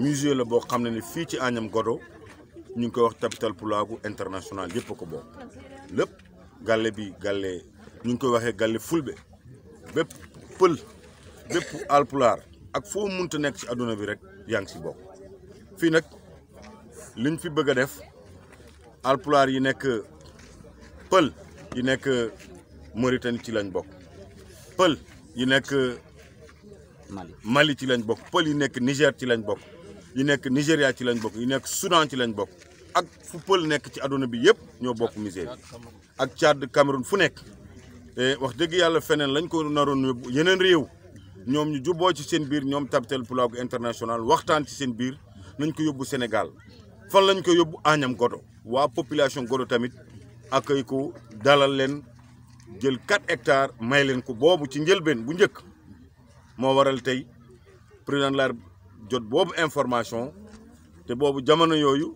musée la boo xam ne ni fii ci Agnam Godo ñu ngi koy wax capital Pulaagu international yëpp ko bokk lépp gàlle bi gàlle ñu ngi koy waxee gàlle fulbe bépp pël bépp alpulaar ak foo munta nekk ci àdduna bi rek yaa ngi si bokk fii nag liñ fi bëgg a def alpulaar yi nekk pël yi nekk Mauritanie ci lañ bokk pël yi nekk Mali ci lañ bokk pël yi nekk Niger ci lañ bokk yi nekk Nigéria ci lañ bokk yi nekk Soudan ci lañ bokk ak fu pël nekk ci àdduna bi yëpp ñoo bokk misère ak Tchad Cameroun fu nekk te wax dëgg yàlla feneen lañ ko naroon yóbbu yeneen réew ñoom ñu juboo ci seen biir ñoom Tabitel Pulaagu international waxtaan ci seen biir nañ ko yóbbu senegal fan lañ ko yóbbu Agnam Godo waa population Godo tamit accueil ko dalal leen jël 4 hectares may leen ko boobu ci njëlbeen bu njëkk moo waral tey président de jot boobu information te boobu jamono yooyu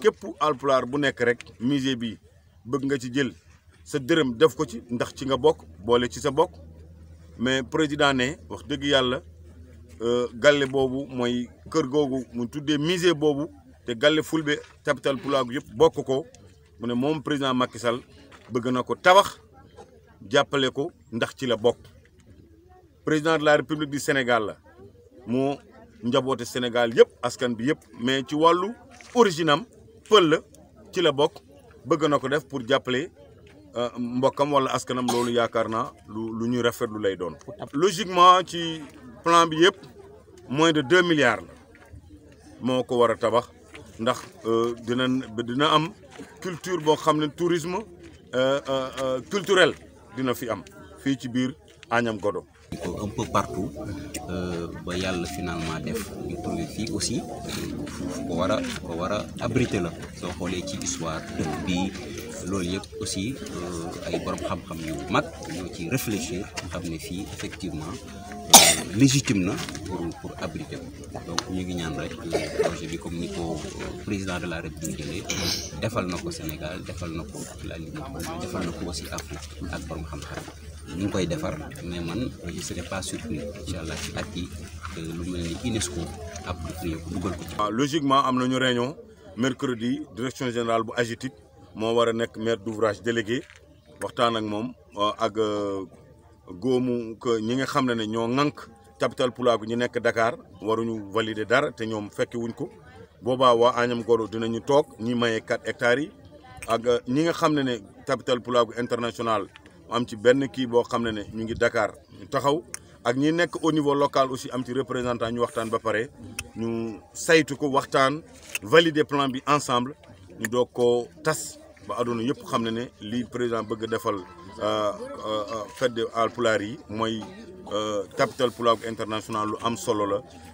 képp alpulaar bu nekk rek musée bi bëgg nga ci jël sa dërëm def ko ci ndax ci nga bokk boole ci sa bokk mais président ne wax dëgg yàlla euh, gale boobu mooy kër googu mu tuddee musée boobu te galle fulbe capital pulaagu yëpp bokk ko mu ne moom président Macky bëgg na ko tabax jàppale ko ndax ci la bok président de la république du Sénégal mo njaboté Sénégal yëpp askan bi yëpp mais ci walu originam am ci la bok bëgg na def pour jàppale euh, mbokam wala askanam lolu yakarna naa lu ñu ñuy rafetlu lay doon. logiquement ci plan bi yëpp moins de deux milliards moko wara tabax ndax euh, dina dina am culture boo xam euh, tourisme euh, culturel un peu partout euh, ba finalement def ñu aussi pour ko la ci histoire bi aussi euh, ay borom xam-xam yu mag réfléchir effectivement euh, légitime pour pour donc nous ngi comme président de la république defal na ko Sénégal defal na ko la ligne defal na ko aussi Afrique ak borom xam-xam ñu ngi koy defar mais man je serai pas surpris incha allah ci at yi lu mel ni UNESCO approprié ah, logiquement am nañu réunion mercredi direction générale bu AGETIP moo war a nekk maître d'ouvrage délégué waxtaan ak moom euh, ak euh, góomu ñi nga xam ne ne ñoo ŋànk capital pulaagu ñi nekk Dakar waruñu valider dara te ñoom fekki wuñ ko. boobaa waa Agnam Godo ñu toog ñi maye 4 hectares yi ak euh, ñi nga xam ne ne capital Pulaagu international am ci benn kii boo xam ne ne ñu ngi Dakar ñu taxaw ak ñi nekk au niveau local aussi am ci représentant ñu waxtaan ba pare ñu saytu ko waxtaan valider plan bi ensemble ñu doog koo tas ba àdduna yëpp xam ne ne li président bëgg defal euh, euh, fête des Haalpulaar yi mooy capital Pulaagu international lu am solo la